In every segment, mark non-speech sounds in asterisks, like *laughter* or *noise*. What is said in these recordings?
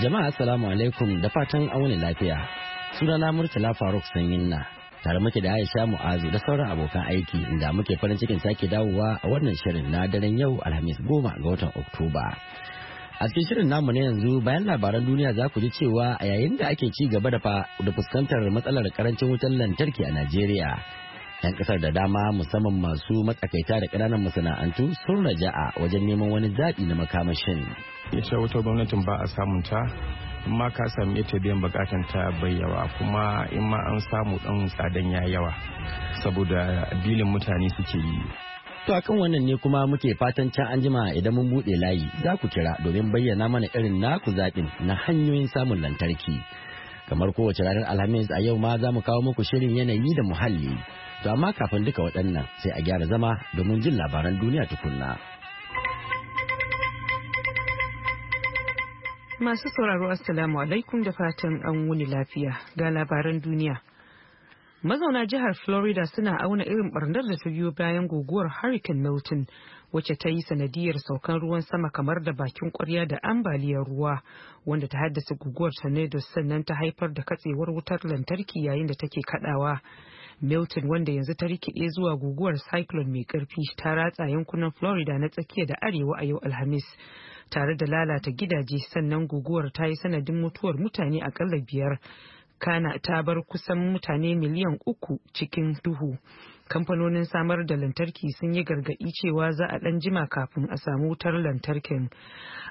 Jama'a assalamu alaikum da fatan an wani lafiya. Sunana Murtala Faruk Sanyin na tare muke da Aisha Mu'azu da sauran abokan aiki inda muke farin cikin sake dawowa a wannan shirin na daren yau Alhamis goma ga watan Oktoba. A cikin shirin namu na yanzu bayan labaran duniya za ku ji cewa a yayin da ake ci gaba da fuskantar matsalar karancin wutar lantarki a Najeriya. 'Yan kasar da dama musamman masu matsakaita da ƙananan masana'antu sun raja'a wajen neman wani zaɓi na makamashin. Ya sha wata gwamnatin ba a samun ta ma ka sami ita biyan bukatan ta bai yawa kuma in ma an samu ɗan tsadan ya yawa saboda dilin mutane suke yi To akan wannan ne kuma muke fatan can anjima idan mun bude layi za ku kira domin bayyana mana irin naku zaɓin na hanyoyin samun lantarki. Kamar kowace ranar Alhamis a yau ma za mu kawo muku shirin yanayi da muhalli. To amma kafin duka waɗannan sai a gyara zama domin jin labaran duniya tukunna. Masu sauraro Assalamu alaikum da fatan an wuni lafiya ga labaran duniya. Mazauna jihar Florida suna auna irin barnar da su biyo bayan guguwar Hurricane Milton wacce ta yi sanadiyar saukan ruwan sama kamar da bakin kwarya da ambaliyar ruwa wanda ta haddasa guguwar Tornado sannan ta haifar da katsewar wutar lantarki yayin da take kadawa. Milton wanda yanzu ta rikide zuwa guguwar cyclone mai karfi ta ratsa yankunan Florida na tsakiya da arewa a yau Alhamis tare da lalata gidaje sannan guguwar ta yi sanadin mutuwar mutane akalla biyar kana ta bar kusan mutane miliyan uku cikin duhu kamfanonin samar da lantarki sun yi gargaɗi cewa za a ɗan jima kafin a samu wutar lantarkin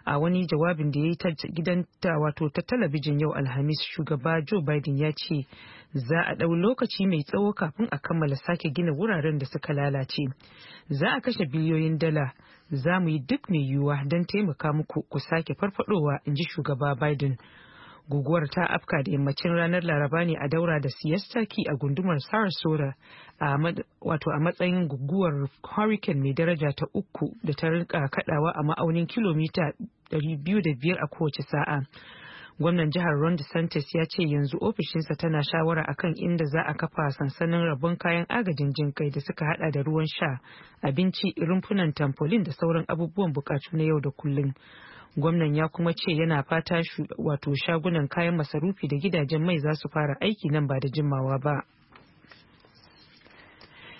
a wani jawabin da ya yi ta gidan wato ta talabijin yau alhamis shugaba joe biden ya ce za a ɗau lokaci mai tsawo kafin a kammala sake gina wuraren da suka lalace za a kashe biliyoyin dala za mu yi duk mai yiwuwa don taimaka muku ku sake farfadowa in ji shugaba biden guguwar ta afka da yammacin ranar laraba ne a daura da ki a gundumar sarasora wato a matsayin guguwar hurricane mai daraja ta uku da ta rinka kadawa a ma'aunin kilomita 205 a kowace sa'a gwamnan jihar ron santos ya ce yanzu ofishinsa tana shawara akan inda za a kafa sansanin rabon kayan agajin jin kai da suka hada da ruwan sha abinci rumfunan tamfolin da sauran abubuwan bukatu na yau da kullum gwamnan ya kuma ce yana fata wato shagunan kayan masarufi da gidajen mai za su fara aiki nan ba da jimawa ba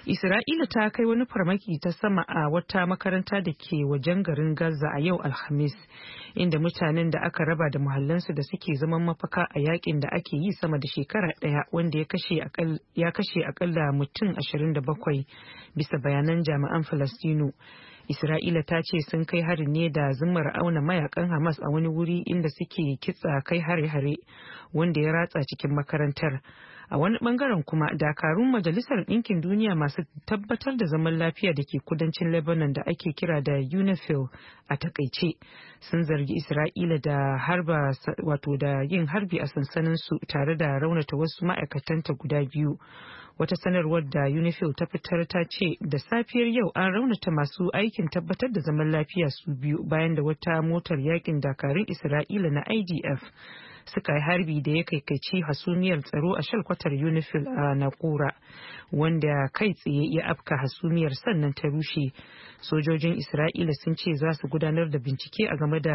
isra'ila ta kai wani farmaki ta sama a wata makaranta da ke wajen garin gaza a yau alhamis inda mutanen da aka raba da muhallansu da suke zaman mafaka a yakin da ake yi sama da shekara ɗaya wanda ya kashe akalla mutum 27 bisa bayanan jami'an falastinu Isra'ila ta ce sun kai harin ne da zumar auna mayakan Hamas a wani wuri inda suke kitsa kai hare-hare wanda ya ratsa cikin makarantar. a wani bangaren kuma dakarun majalisar ɗinkin duniya masu tabbatar da zaman lafiya da ke kudancin lebanon da ake kira da unifil a takaice sun zargi isra'ila da harba wato da yin harbi a sansaninsu tare da raunata wasu ma'aikatanta guda biyu wata sanarwar da unifil ta fitar ta ce da safiyar yau an raunata masu aikin tabbatar da zaman lafiya su biyu bayan da wata motar yakin dakarun isra'ila na idf suka yi harbi da ya kaikaici hasumiyar tsaro a shalkwatar unifil a nakura wanda kai tsaye ya afka hasumiyar sannan ta rushe sojojin isra'ila sun ce za su gudanar da bincike a game da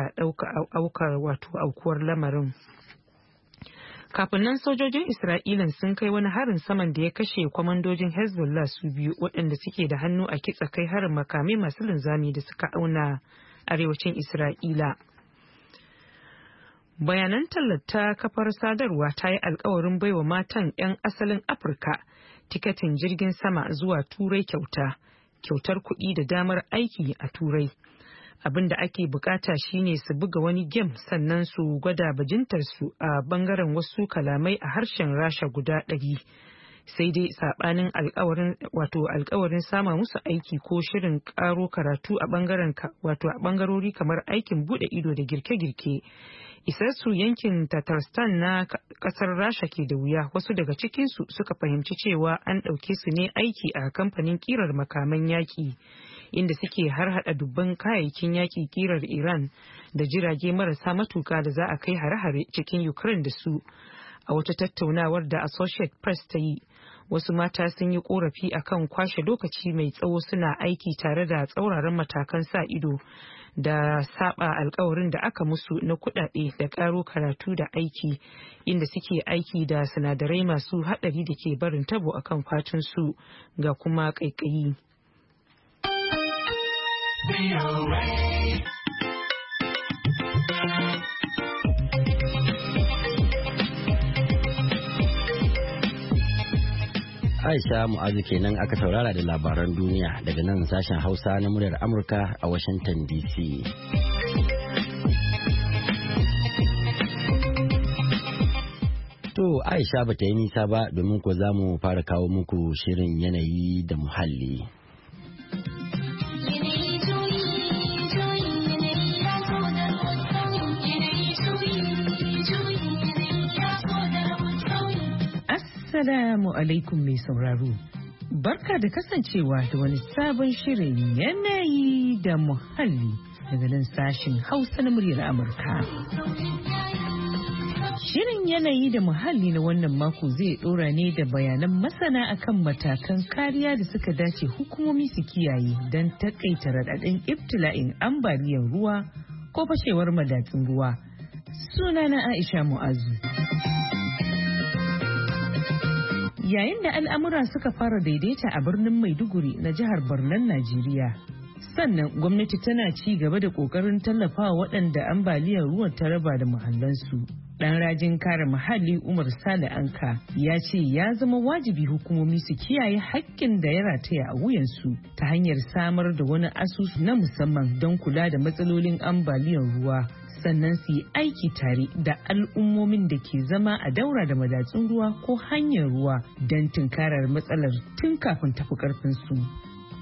ɗaukar wato aukuwar lamarin kafin nan sojojin isra'ilan sun kai wani harin saman da ya kashe kwamandojin hezbollah su biyu waɗanda suke da hannu a kitsa kai harin makamai masu linzami da suka auna arewacin isra'ila bayanan tallata kafar sadarwa ta yi alkawarin baiwa matan 'yan asalin afirka tiketin jirgin sama zuwa turai kyauta kyautar kuɗi da damar aiki a turai abin da ake bukata shine su buga wani gem sannan su gwada bajintarsu a bangaren wasu kalamai a harshen rasha guda ɗari sai dai saɓanin alkawarin alkawarin sama musu aiki ko shirin karo karatu a a bangarori kamar aikin bude ido da girke-girke isar su yankin tatarstan na kasar rasha ke da wuya wasu daga cikinsu suka fahimci cewa an ɗauke su ne aiki a kamfanin kirar makaman yaƙi inda suke har harhaɗa dubban kayayyakin yaƙi kirar iran da jirage marasa matuka da za a kai hare-hare cikin ukraine da su a wata tattaunawar da associate press ta yi wasu mata sun yi korafi akan kwashe lokaci mai tsawo suna aiki tare da tsauraran matakan sa ido da saba alkawarin da aka musu na kudade da karo karatu da aiki inda suke aiki da sinadarai masu hadari da ke barin tabo akan su ga kuma kaikayi. Aisha Mu'azu kenan aka saurara da labaran duniya daga nan sashen Hausa na muryar Amurka a Washington DC. To Aisha ba ta yi nisa ba domin ko za mu fara kawo muku shirin yanayi da muhalli. Assalamu alaikum mai sauraro. Barka da kasancewa da wani sabon shirin yanayi da muhalli daga nan sashen Hausa na muryar Amurka. Shirin yanayi da muhalli na wannan mako zai dora ne da bayanan masana akan matakan kariya da suka dace hukumomi su kiyaye don takaita raɗaɗin ibtila'in ambaliyar ruwa ko fashewar madatsin ruwa. Sunana Aisha Mu'azu. yayin da al'amura suka fara daidaita a birnin maiduguri na jihar Barnan najeriya sannan gwamnati tana ci gaba da kokarin tallafawa waɗanda ambaliyar ruwan ta raba da muhallansu Ɗan rajin kare muhalli umar sale anka ya ce ya zama wajibi hukumomi su kiyaye hakkin da ya rataya a wuyansu ta hanyar samar da wani asusu na musamman don kula da matsalolin ambaliyar ruwa sannan su yi aiki tare da al'ummomin da ke zama a daura da madatsun ruwa ko hanyar ruwa don tunkarar matsalar tun kafin tafi su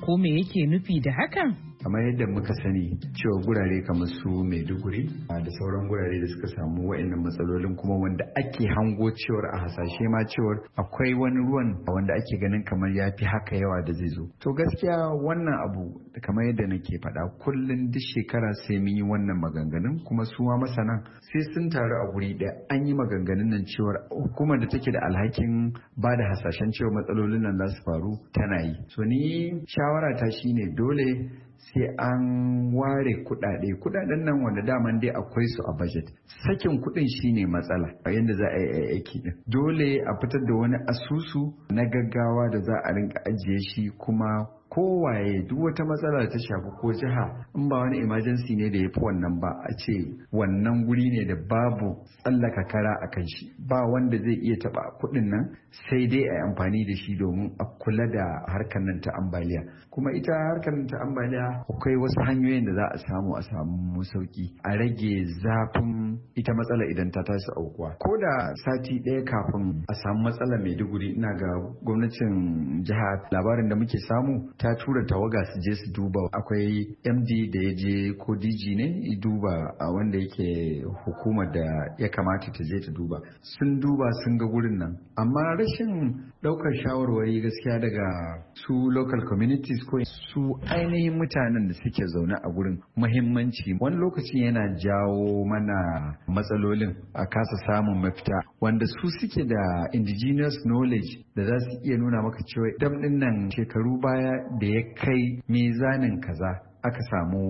Ko me yake nufi da hakan? kamar yadda muka sani cewa gurare kamar su maiduguri ah, da sauran gurare da suka samu wa'annan matsalolin kuma wanda ake hango cewar a hasashe ma cewar akwai wani ruwan wanda ake ganin kamar ya fi haka yawa da zai zo to gaskiya wannan abu kamar yadda nake faɗa kullum duk shekara sai mun yi wannan maganganun kuma su ma masana sai sun taru a guri da an yi maganganun nan cewar hukumar da take da alhakin ba da hasashen cewa matsalolin nan za su faru tana yi so ni shawara ta shine dole sai an ware kuɗaɗe kuɗaɗen nan wanda daman dai akwai su a budget sakin kuɗin shine matsala a yadda za a yi aiki din dole a fitar da wani asusu na gaggawa da za a rinka ajiye shi kuma kowaye duk wata matsala ta shafi ko jiha in ba wani emergency ne da ya fi wannan ba a ce wannan guri ne da babu tsallaka kara a kan shi ba wanda zai iya taba kuɗin nan sai dai a amfani da shi domin a kula da harkar nan ta ambaliya kuma ita harkar nan ta ambaliya akwai wasu hanyoyin da za a samu a samu sauki a rage zafin ita matsala idan ta tashi aukuwa ko da sati ɗaya kafin a samu matsala mai duguri ina ga gwamnatin jiha labarin da muke samu ta tura tawaga su je su duba akwai md da ya je ko dg ne duba a wanda yake hukumar da ya kamata ta je ta duba sun duba sun ga gurin nan amma rashin daukar shawarwari gaskiya daga su local communities ko su ainihin mutanen da suke zaune a gurin muhimmanci wani lokacin yana jawo mana matsalolin a kasa samun mafita wanda su suke da indigenous knowledge da za su iya nuna maka cewa dam nan shekaru baya da ya kai mizanin kaza aka samu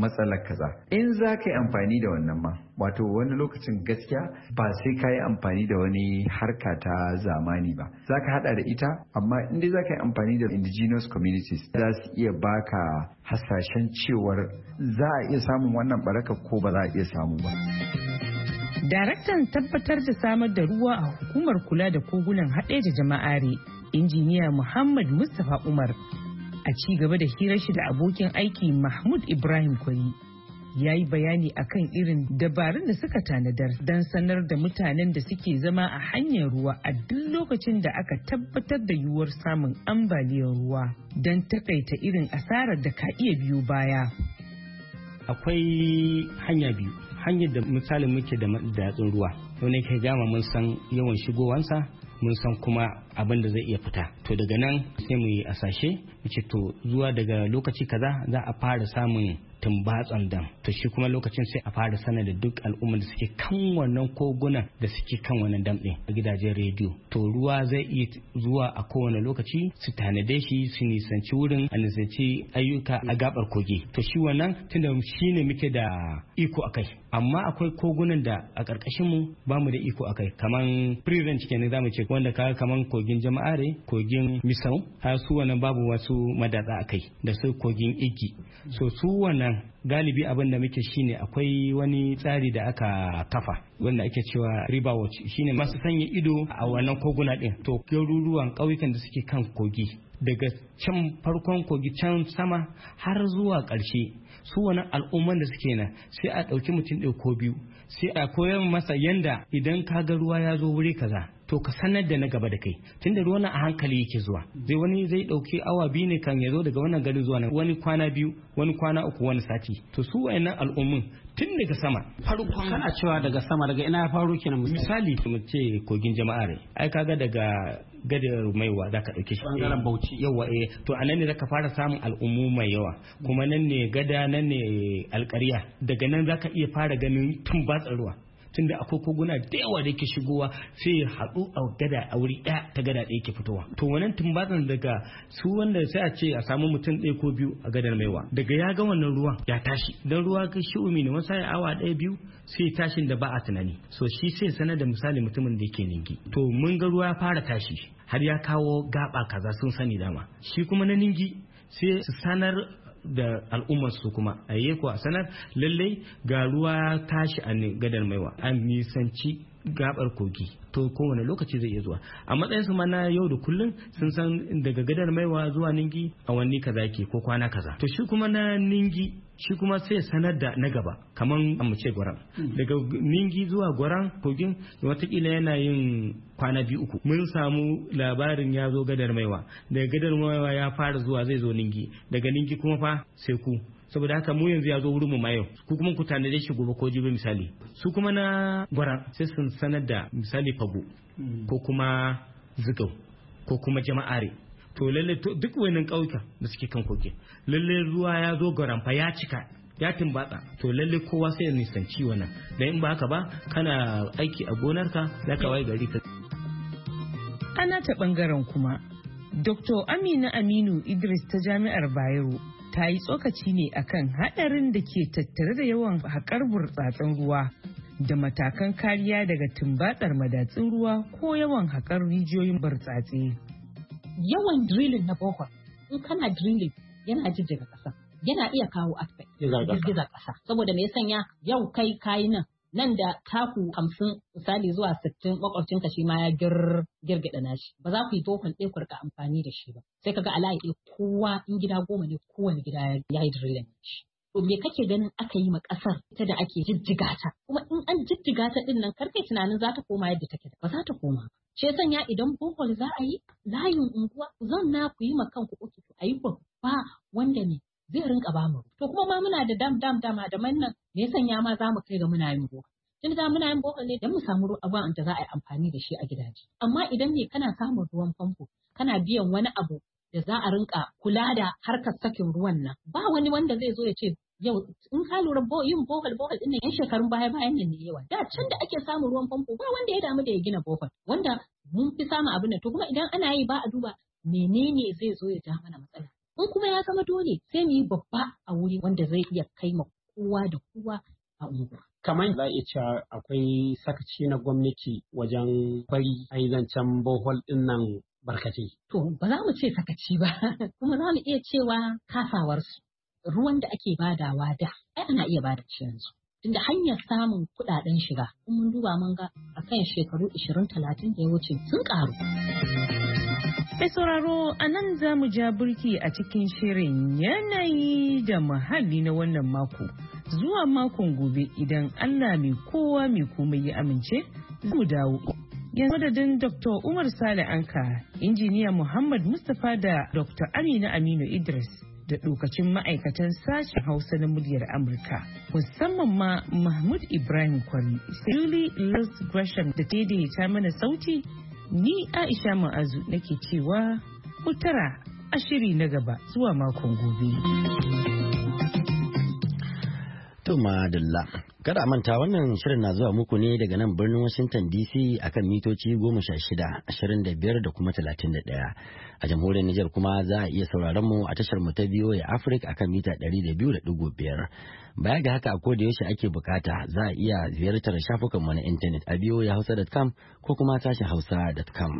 matsalar kaza in za ka yi amfani da wannan ma wato wani lokacin gaskiya ba sai ka yi amfani da wani harka ta zamani ba za ka hada da ita amma inda za ka yi amfani da indigenous communities za su iya baka hasashen cewar za a iya samun wannan baraka ko ba za a iya samu ba daraktan tabbatar da samar da ruwa a hukumar kula da kogunan haɗe da jama'are injiniya muhammad mustapha umar a ci gaba da hirar shi da abokin aiki mahmud ibrahim kwari ya yi bayani a kan irin dabarun da suka tanadar don sanar da mutanen da suke zama a hanyar ruwa a duk lokacin da aka tabbatar da yiwuwar samun ambaliyar ruwa don takaita irin asarar da ka iya biyu baya akwai hanya biyu hanyar da misalin muke da datsun ruwa wani kai gama mun san yawan shigowansa mun san kuma abin da zai iya fita to daga nan sai mu yi asashe mu ce to zuwa daga lokaci kaza za a fara samun tumbatsan dam to shi kuma lokacin sai a fara sanar da duk al'umma da suke kan wannan kogunan da suke kan wannan dam din a gidajen rediyo to ruwa zai iya zuwa a kowane lokaci su tanade shi su nisanci wurin a nisanci ayyuka a gabar kogi to shi wannan tunda shine muke da iko akai amma akwai kogunan da a ƙarƙashin mu ba mu da iko akai kaman free range kenan zamu ce wanda kaga kaman kogin jama'a jama'are kogin misau har su wannan babu wasu madatsa akai da su kogin igi so su wannan galibi abin da muke shine akwai wani tsari da aka kafa wanda ake cewa river watch shine masu sanya ido a wannan koguna din to garuruwan ƙauyukan da suke kan kogi daga can farkon kogi can sama har zuwa ƙarshe su wani al'umman da suke nan sai a ɗauki mutum ɗaya ko biyu sai a koyar masa yanda idan ka ga ruwa ya zo wuri kaza to ka sanar da na gaba da kai tunda ruwan a hankali yake zuwa zai wani zai ɗauki awa biyu ne kan ya zo daga wannan gari zuwa nan wani kwana biyu wani kwana uku wani sati to su wayannan al'ummin tun daga sama farkon kana cewa daga sama daga ina ya faru kenan misali mu ce kogin jama'a ai kaga daga Gada maiwa za ka ɗauke shi bangaren bauchi eh, yawa eh to a nan ne za ka fara samun al'ummu mai yawa kuma nan ne gada nan ne alƙarya daga nan za ka iya fara ganin tumbatsar ruwa tunda akwai koguna da yawa da ke shigowa sai ya haɗu a gada a wuri ɗaya ta gada ɗaya ke fitowa to wannan tumbatsan daga su wanda sai a ce a samu mutum ɗaya ko biyu a gadar maiwa daga ya ga wannan ruwan ya tashi dan ruwa ga shi'umi ne wasa ya awa ɗaya biyu sai tashin da ba a tunani so shi sai sanar da misali mutumin da yake ningi to mun ga ruwa ya fara tashi har ya kawo gaba kaza sun sani dama shi kuma na ningi sai su sanar da al'ummar su kuma a ko a sanar lallai ga ruwa tashi a gadar maiwa an nisanci gabar kogi to kowane lokaci zai iya zuwa a matsayin su na yau da kullum sun san daga gadar maiwa zuwa ningi a wani kaza ke ko kwana kaza to shi kuma na ningi shi kuma sai sanar da na gaba kamar mu ce gwaran hmm. daga ningi zuwa gwaran kogin watakila yana yin kwana biyu uku mun samu labarin ya zo gadar maiwa daga gadar maiwa ya fara zuwa zai zo ningi daga ningi kuma fa sai ku saboda haka mu yanzu ya zo wurin mu mayo ku kuma ku tanade shi gobe ko jibi misali su kuma na gwaran sai sun sanar da misali fagu. Hmm. ko kuma zigau ko kuma jama'are to lalle duk wani ƙauyuka da suke kan koke lalle ruwa ya zo garamfa ya cika ya timbatsa to lalle kowa sai ya nisanci wannan dan in ba haka ba kana aiki a gonarka za ka waye gari ka ana ta bangaren kuma Dr. Amina Aminu Idris ta Jami'ar Bayero ta yi tsokaci ne akan hadarin da ke tattare da yawan haƙar burtsatsen ruwa da matakan kariya daga tumbatsar madatsin ruwa ko yawan haƙar rijiyoyin burtsatse. yawan drilling na bohol in kana drilling yana jijjiga ƙasa yana iya kawo aspect gizgiza ƙasa saboda me sanya yau kai kayi nan nan da taku hamsin misali zuwa sittin makwabcin ka shi ma ya girgida nashi ba za ku yi bohol ɗaya ku amfani da shi ba sai kaga ga ɗaya kowa in gida goma ne kowane gida ya yi drilling to me kake ganin aka yi ma kasar ita da ake jijjiga ta kuma in an jijjiga ta din nan karkai tunanin za ta koma yadda take ba za ta koma shi sanya idan bohol za a yi layin unguwa zan na ku yi ma kanku uku a yi ba wanda ne zai rinka ba mu to kuma ma muna da dam dam dama da nan. me sanya ma za mu kai ga muna yin bohol tun da muna yin bohol ne don mu samu ruwan da za a yi amfani da shi a gidaje amma idan ne kana samun ruwan famfo kana biyan wani abu da za a rinka kula da harkar sakin ruwan nan ba wani wanda zai zo ya ce yau in ka lura yin bohol bohol din yan shekarun baya bayan nan ne yawa da can da ake samun ruwan famfo ba wanda ya damu da ya gina bohol wanda mun fi samun abin nan to kuma idan ana yi ba a duba menene zai zo ya ja mana matsala in kuma ya zama dole sai mu yi babba a wuri wanda zai iya kai ma kowa da kowa a unguwa kamar za a cewa akwai sakaci na gwamnati wajen bari yi zancen bohol ɗin nan barkatai. To, ba za mu ce sakaci ba, *laughs* kuma za mu iya cewa kasawarsu. Ruwan da ake badawa da, ai ana iya bada ciyansu. yanzu. Tunda hanyar samun kudaden shiga, in mun duba mun ga a kan shekaru 20-30 da ya wuce sun karu. Mai sauraro a nan za mu ja burki a cikin shirin yanayi da muhalli na wannan mako. Zuwa makon gobe idan Allah mai kowa mai komai ya amince, mu dawo. yanzu madadin dr umar sale anka injiniya muhammad mustapha da dr amina aminu idris da dokacin ma'aikatan sashen hausa na muryar amurka musamman ma mahmud ibrahim kwari sirili liz gresham da daidaita mana sauti ni aisha ma'azu nake cewa kutara a shiri na gaba zuwa makon gobe. Kada manta wannan shirin na zuwa muku ne daga nan birnin Washington DC akan mitoci goma sha shida, ashirin da biyar da kuma talatin da ɗaya. A jamhuriyar Nijar kuma za a iya sauraron mu a tashar mu ta biyo ya Africa akan mita ɗari da biyu da ɗigo biyar. Baya ga haka a koda yaushe ake bukata za a iya ziyartar shafukan mu na intanet a biyo ya Hausa com ko kuma sashen hausa.com.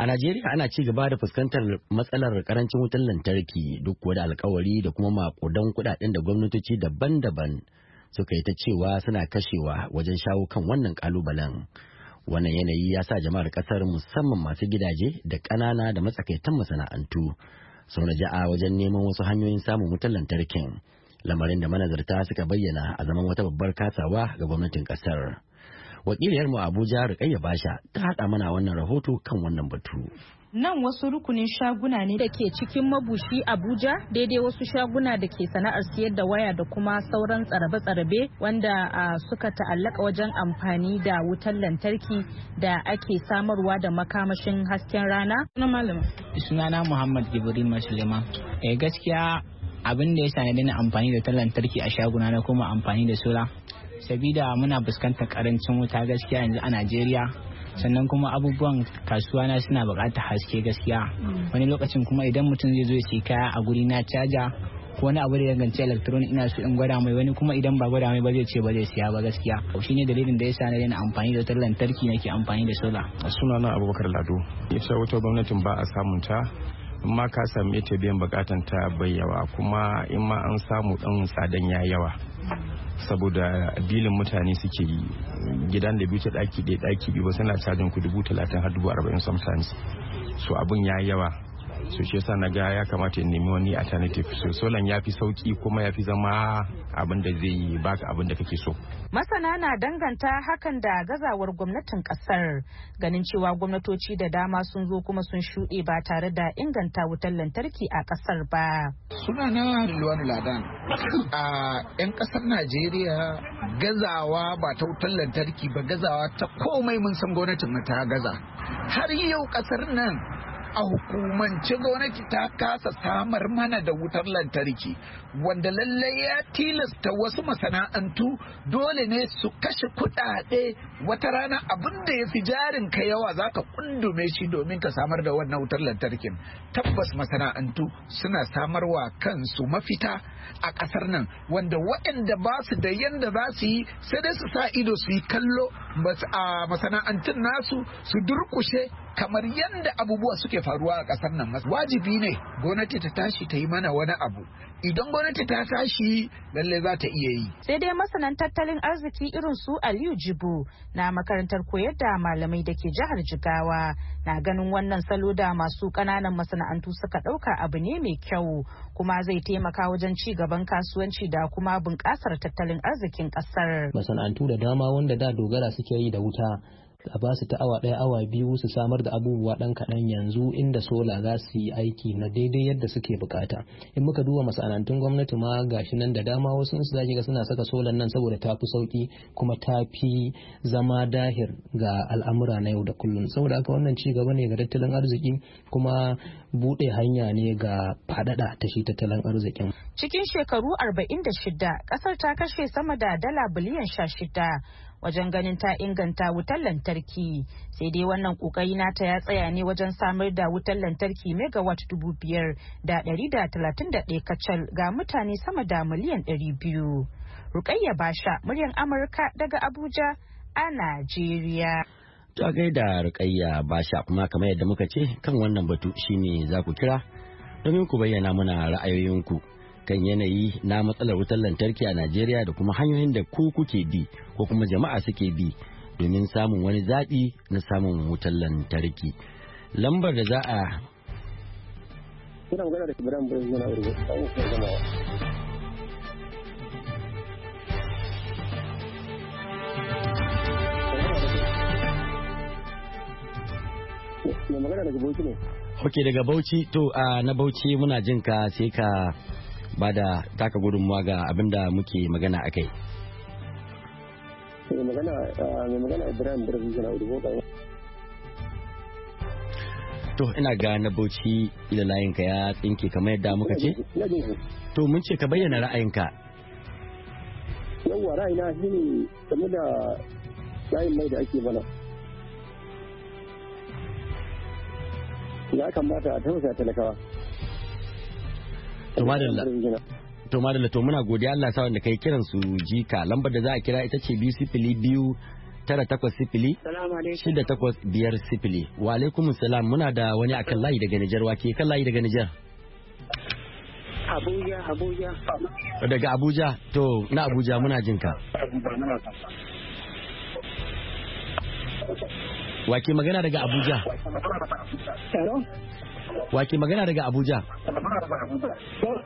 A Najeriya ana ci gaba da fuskantar matsalar karancin wutar lantarki duk kuwa da alkawari da kuma makudan kudaden da gwamnatoci daban-daban suka yi ta cewa suna kashewa wajen shawo kan wannan kalubalen wannan yanayi ya sa jama'ar kasar musamman masu gidaje da ƙanana da matsakaitan masana'antu sun raja'a wajen neman wasu hanyoyin samun wutar lantarkin lamarin da manazarta suka bayyana a zaman wata babbar kasawa ga gwamnatin kasar wakiliyarmu abuja rikayya basha ta haɗa mana wannan rahoto kan wannan batu Nan wasu rukunin shaguna ne da ke cikin mabushi Abuja daidai wasu shaguna da ke sana'ar siyar da waya da kuma sauran tsarabe-tsarabe wanda suka ta'allaka wajen amfani da wutar lantarki da ake samarwa da makamashin hasken rana. Sunana Muhammad Jibril Masulema. Eh gaskiya abin da ya sani na amfani da wutar lantarki a shaguna na kuma amfani da sola. Sabida muna fuskantar karancin wuta gaskiya yanzu a Najeriya sannan kuma abubuwan kasuwa na suna bukatar haske gaskiya mm. wani lokacin kuma idan mutum zai zo ya kaya a guri na caja ko wani abu da ya danganci electronic ina so in gwada mai wani kuma idan ba gwada mai ba zai ce ba zai siya ba gaskiya shi ne dalilin da ya sa na yana amfani da wutar lantarki ke amfani da sola sunana abubakar lado ita wata gwamnatin ba a samunta. in ma ka sami ita biyan bukatan ta bai yawa kuma in ma an samu ɗan tsadan ya yawa saboda bilin mutane suke yi gidan da biyu ta daki ɗaya daki biyu ba suna cajin ku dubu talatin har dubu arba'in sometimes so abun ya yawa so shi yasa ga ya kamata in nemi wani alternative so solan ya fi sauki kuma ya fi zama abin da zai yi baka abin da kake so masana na danganta hakan da gazawar gwamnatin kasar ganin cewa gwamnatoci da dama sun zo kuma sun shuɗe ba tare da inganta wutar lantarki a kasar ba Suna na luwan ladan a yan kasar najeriya gazawa ba ta wutar lantarki ba gazawa ta komai mun san gwamnatin ta gaza har yau kasar nan a hukumance gwamnati ta kasa samar mana da wutar lantarki wanda lallai ya tilasta wasu masana'antu dole ne su kashe kuɗaɗe wata rana abin da ya fi jarin ka yawa za ka kundume shi domin ka samar da wannan wutar lantarkin tabbas masana'antu suna samarwa kansu mafita a ƙasar nan wanda waɗanda ba su da yanda za su yi sai dai su sa ido su yi kallo a masana'antun nasu su durkushe kamar yadda abubuwa suke faruwa a ƙasar nan wajibi ne gwamnati ta tashi ta yi mana wani abu idan gwamnati ta tashi lalle za ta iya yi sai dai masanan tattalin arziki irin su aliyu jibu na makarantar koyar da malamai da ke jihar jigawa na ganin wannan salo da masu ƙananan masana'antu suka ɗauka abu ne mai kyau kuma zai taimaka wajen ci gaban kasuwanci da kuma bunƙasar tattalin arzikin ƙasar masana'antu da dama wanda da dogara suke yi da wuta a ba su ta awa ɗaya awa biyu su samar da abubuwa ɗan kaɗan yanzu inda sola za su yi aiki na daidai yadda suke bukata in muka duba masana'antun gwamnati ma gashi nan da dama wasu su zaki ga suna saka solan nan saboda ta fi sauki kuma ta fi zama dahir ga al'amura na yau da kullum saboda haka wannan ci gaba ne ga tattalin arziki kuma buɗe hanya ne ga faɗaɗa ta shi tattalin arzikin. Cikin shekaru 46 kasar ta kashe sama da dala biliyan 16 wajen ganin ta inganta wutar lantarki sai dai wannan kokari ta ya tsaya ne wajen samar da wutar lantarki megawatt dubu biyar da ɗari da talatin da ɗaya kacal ga mutane sama da miliyan ɗari biyu rukayya basha muryan amurka daga abuja a najeriya ta gaida rukayya basha kuma kamar yadda muka ce kan wannan batu shine za ku kira domin ku bayyana mana ra'ayoyinku kan yanayi na matsalar wutar lantarki a Najeriya da kuma hanyoyin da ku kuke bi ko kuma jama'a suke bi domin samun wani zaɓi na samun wutar lantarki. Lambar da za a Ok daga Bauchi to a na Bauchi muna jinka sai ka ba da taka gudunmuwa ga abin da muke magana a ah, kai. To ina ga na bauchi ila layinka ya tsinke kamar yadda muka ce? To mun ce ka bayyana ra'ayinka. Yawwa ra'ayina shi ne game da layin mai da ake mana. Ya kamata a tausaya talakawa. to madalla to madalla to muna godiya Allah sa wanda kai kiran su jika lambar da za a kira ita ce biyu sifili biyu tara takwas sifili shida takwas biyar sifili wa alaikumun salam muna da wani akan layi daga Nijar wa ke kan layi daga Nijar Abuja Abuja daga Abuja to na Abuja muna jin ka wa ke magana daga Abuja Wake magana daga Abuja?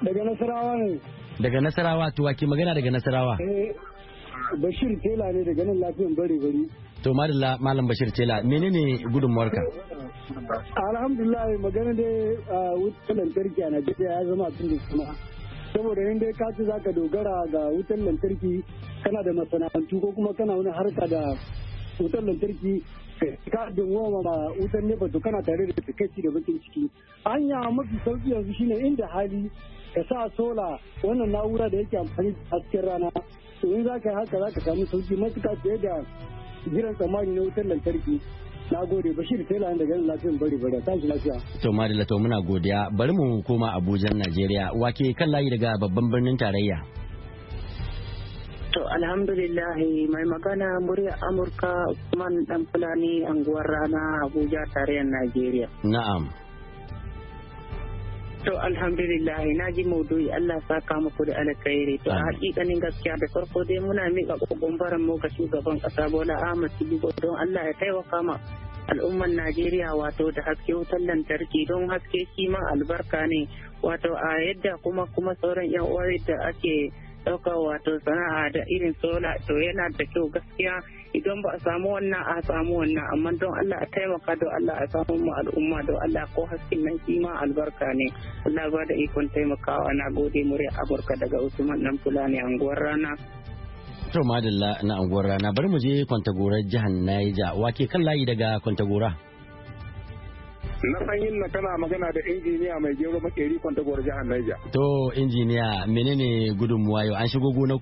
Daga Nasarawa ne. Daga Nasarawa to wake magana daga Nasarawa? Eh, Bashir Tela ne daga nan lafiyan bare bari. To madalla Malam Bashir Tela menene gudunmuwarka? Alhamdulillah magana dai ah, wutar lantarki a Najeriya ya zama abin da kuma saboda yin dai ka ci ka dogara ga wutar lantarki kana da masana'antu ko kuma kana wani harka da wutar lantarki ka dinwo ma wutan ne batu kana tare da takaici da bakin ciki hanya mafi sauki yanzu shine inda hali ka sa sola wannan na'ura da yake amfani da hasken rana to in za ka yi haka za ka samu sauki matuka fiye da jiran tsammani na wutar lantarki na gode bashir tela da ganin lafiyan bari bari ta shi lafiya to madalla to muna godiya bari mu koma abuja najeriya wake kan layi daga babban birnin tarayya To alhamdulillah mai magana murya Amurka Usman dan Fulani anguwar rana Abuja tarayyar Najeriya. Na'am. To alhamdulillah na ji maudu'i Allah sa saka muku da alkhairi to hakikanin gaskiya da farko dai muna miƙa kogon mu ga shugaban kasa Bola Ahmed Tinubu don Allah ya taimaka ma al'umman Najeriya wato da haske wutar lantarki don haske shi ma albarka ne wato a yadda kuma kuma sauran yan uwa da ake ɗaukar wato sana'a da irin sola to yana da kyau gaskiya idan ba a samu wannan a samu wannan amma don Allah a taimaka don Allah a samu mu al'umma don Allah ko haskin nan kima albarka ne Allah ba da ikon taimakawa na gode murya Amurka daga Usman nan Fulani anguwar rana to madalla na anguwar rana bari mu je Kwantagora jihar Niger ke kan layi daga Kwantagora na san yin na kana magana da injiniya mai gero makeri kwantagowar jihar Niger. To injiniya menene gudunmuwa yau an shigo gonar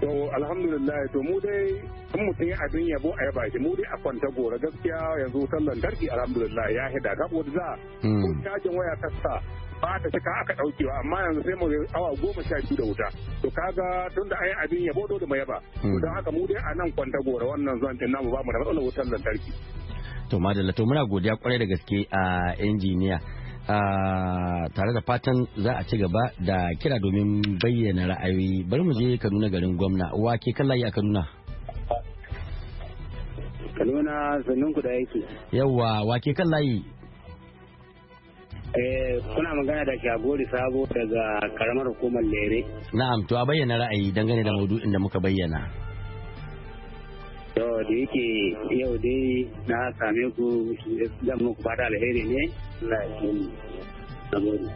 To alhamdulillah to mu dai in mutum ya abin yabo a yaba shi mu dai a kwanta gora gaskiya yanzu wutar lantarki alhamdulillah ya hida saboda za hmm. ko cajin waya kasta ba ta cika aka daukewa amma yanzu sai mu awa goma sha biyu da wuta to kaga tun da ayi abin yabo dole mu yaba to hmm. don haka mu dai a nan kwanta gora wannan zon din namu ba mu da matsalar wutar lantarki to madalla to muna godiya kwarai da gaske a injiniya tare da fatan za a ci gaba da kira domin bayyana ra'ayoyi bari mu je kaduna garin gwamna wa ke kallaye a kaduna kaduna sannan ku da yake yawa wa ke kallaye Eh, kuna magana da shagori sabo daga karamar hukumar lere na'am to a bayyana ra'ayi dangane da maudu'in da muka bayyana to da yake yau dai na same ku zan muku fata alheri ne. Allah ya ce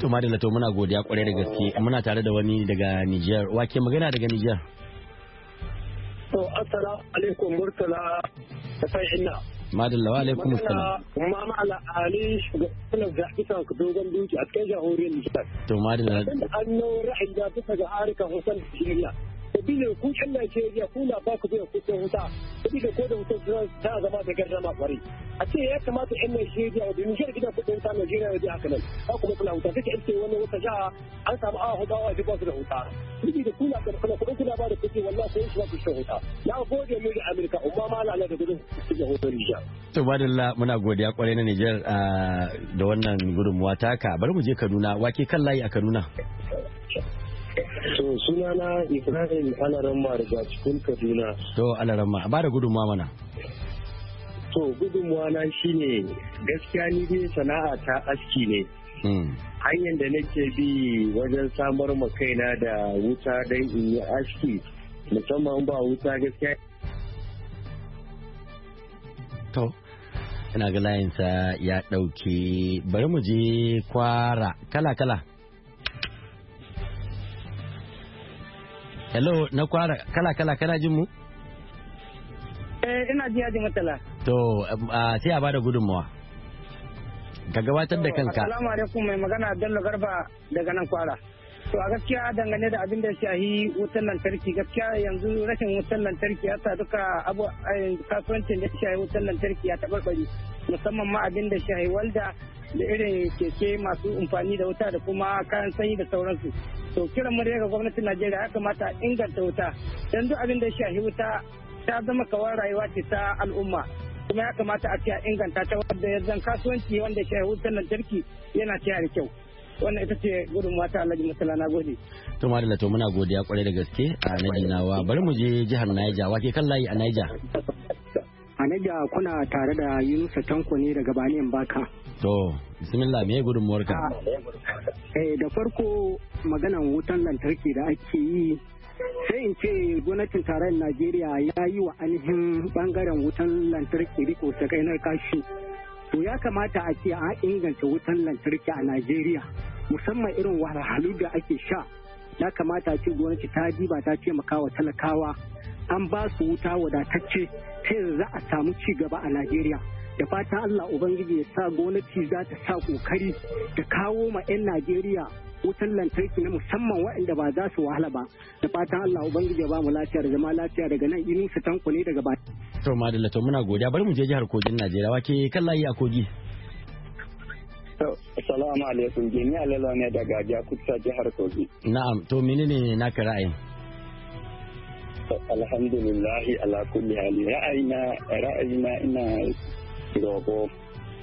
To Madalla to muna godiya kwarai da gaske muna tare da wani daga Nijar wake magana daga Nijar. To assalamu alaikum murtala ta sai ina. Madalla wa alaikum assalam. ma ala Ali shugaban da isa ku dogon duki a cikin jahoriyar Nijar. To Madalla. An nau ra'ayi da bisa ga harika Hussein Shirya. sabili ku ke Najeriya ku na ba ku biyan kuɗin wuta da ko da wutar ta zama da gardama kwari a ce ya kamata yan Najeriya da Nijar gidan kuɗin wuta Najeriya ya je haka nan ba ku kula wuta take yan sai wani wata jiha an samu awa hudu awa ba su da wuta sabili da kuna karfana kuɗin kuna ba da kuɗi wallahi sai shi ba ku shi wuta na gode mu da Amurka umma ma na da gudun cikin hoton Nijar. To badalla muna godiya kwarai na Nijar ah, da wannan gudunmuwa taka bari mu je Kaduna wake kan layi a Kaduna. To sunana Ibrahim Alaramma daga cikin Kaduna. To Alaramma, ba da gudunmawa mana. To gudunmawa na shi ne gaskiya ni dai sana'a ta aski ne. Hmm. Hanyar da nake bi wajen samar ma kaina da wuta don in yi aski musamman ba wuta gaskiya. To, ina ga layinsa ya ɗauke bari mu je kwara kala-kala. hello na kwara kala kala kana jin mu eh ina ji haji matala to sai a bada gudunmawa ka gabatar da kanka assalamu alaikum mai magana Bello Garba daga nan kwara to a gaskiya dangane da abin da shahi wutar lantarki gaskiya yanzu rashin wutar lantarki ya sa duka abu eh, kasuwancin da shahi wutar lantarki ya tabarbari musamman ma abin da shahi walda da irin keke masu amfani da wuta da kuma kayan sanyi da sauransu to kiran mu ga gwamnatin najeriya ya kamata inganta wuta yanzu duk abin da shahi wuta ta zama kawar rayuwa ce ta al'umma kuma ya kamata a ce inganta ta wadda ya zan kasuwanci wanda shahi wutan lantarki yana ta da kyau wannan ita ce gudunmawa ta alhaji musala na gode to madalla to muna godiya kwarai da gaske a najinawa bari mu je jihar Niger wake kan layi a niger. Anaja kuna tare da Yunusa Tanko ne daga Baniyan Baka. To, bismillah me gudunmuwarka? Ah, eh da farko maganan wutan lantarki da ake yi sai in ce gwamnatin tarayyar Najeriya ya yi wa ainihin bangaren wutan lantarki riko ta kainar kashi. To ya kamata a ce an inganta wutan lantarki a Najeriya musamman irin wahalhalu da ake sha ya kamata ce gwamnati ta diba ta taimaka wa talakawa an ba su wuta wadatacce ta za a samu ci gaba a najeriya da fatan allah ubangiji ya sa gwamnati za ta sa kokari da kawo ma 'yan najeriya wutar lantarki na musamman waɗanda ba za su wahala ba da fatan Allah ubangiji ya ba mu lafiya da zama lafiya daga nan irin su tanko ne daga ba. to madalla to muna godiya bari mu je jihar Kogin Najeriya wake kan layi a Kogi Assalamu alaikum jami'a da daga kusa jihar Kogi na'am to menene naka ra'ayin alhamdulillahi ala kulli hali ra'ayina ra'ayina ina rogo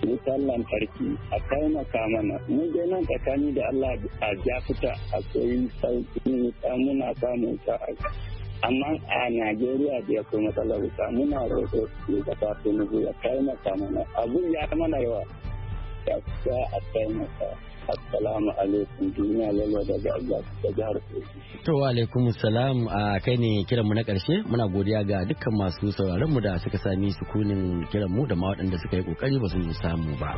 wutar lantarki a taimaka mana mun dai nan tsakani da Allah a ja fita a tsoyin sauƙin wuta muna samun wuta amma a Najeriya da akwai matsalar wuta muna roƙo da ta tunubu ya taimaka mana abun ya mana yawa za a taimaka assalamu alaikum duniya lalwa daga da jihar Kogi. To alaikum salam a kai ne kiran mu na karshe muna godiya ga dukkan masu sauraron mu da suka sami sukunin kiran mu da ma waɗanda suka yi kokari ba su samu ba.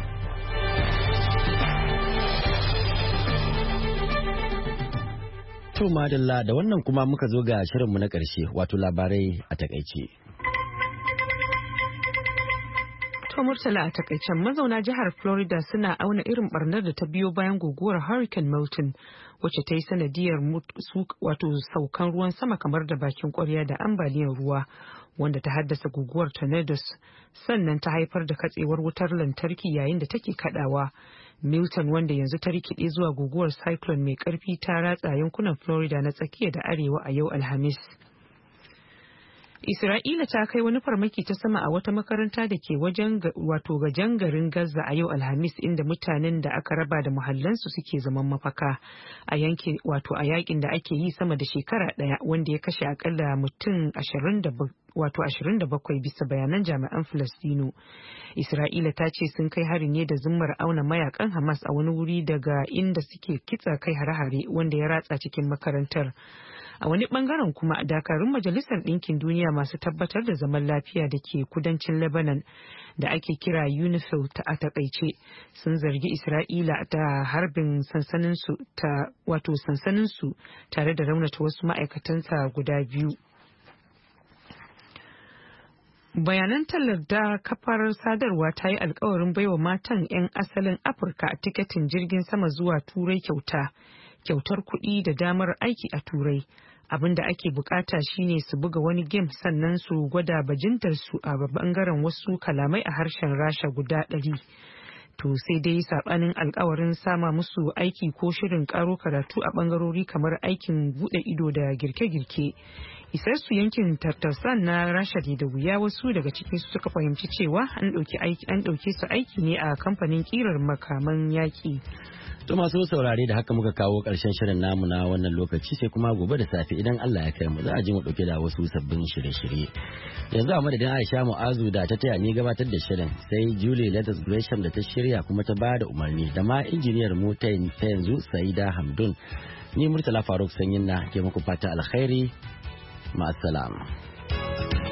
To madalla da wannan kuma muka zo ga shirinmu na ƙarshe wato labarai a takaice. To Murtala a takaicen mazauna jihar Florida suna auna irin barnar da ta biyo bayan guguwar Hurricane Milton Wace ta yi sanadiyar wato saukan ruwan sama kamar da bakin kwarya da ambaliyar ruwa wanda ta haddasa guguwar tornadoes sannan ta haifar da katsewar wutar lantarki yayin da take kadawa. Milton wanda yanzu ta rikide zuwa guguwar cyclone mai karfi ta ratsa yankunan Florida na tsakiya da arewa a yau Alhamis. Isra'ila ta kai wani farmaki ta sama a wata makaranta da ke wajen wato gajen garin Gaza a yau Alhamis inda mutanen da aka raba da muhallansu suke zaman mafaka a yankin wato a yakin da ake yi sama da shekara daya wanda ya kashe akalla mutum 27 wato bakwai bisa bayanan jami'an Filistino. Isra'ila ta ce sun kai hari ne da zummar auna mayakan Hamas a wani wuri daga inda suke kitsa kai hare-hare wanda ya ratsa cikin makarantar. a wani bangaren kuma dakarun majalisar ɗinkin duniya masu tabbatar da zaman lafiya da ke kudancin lebanon da ake kira unicef ta a takaice sun zargi isra'ila da harbin sansaninsu ta wato sansaninsu tare da raunata wasu ma'aikatansa guda biyu bayanan tallar da kafar sadarwa ta yi alkawarin baiwa matan 'yan asalin afirka a tiketin jirgin sama zuwa turai kyauta kyautar kuɗi da damar aiki a turai abin da ake bukata shine su buga wani game sannan su gwada bajintar su a bangaren wasu kalamai a harshen rasha guda ɗari to sai dai sabanin alkawarin sama musu aiki ko shirin karo karatu a bangarori kamar aikin bude ido da girke-girke isar su yankin tartarsan na rasha ne da wuya wasu daga cikin su suka fahimci cewa an ɗauke su aiki ne a kamfanin kirar makaman yaƙi. To masu saurare da haka muka kawo ƙarshen shirin namu na wannan lokaci sai kuma gobe da safe idan Allah ya kai mu za a ji mu dauke da wasu sabbin shirye-shirye. Yanzu a madadin Aisha Mu'azu da ta taya ni gabatar da shirin sai Julie Letters Gresham da ta shirya kuma ta ba da umarni da ma injiniyar mu ta yanzu Saida Hamdun. Ni Murtala Faruk Sanyin na ke muku fata alkhairi. Ma'assalam.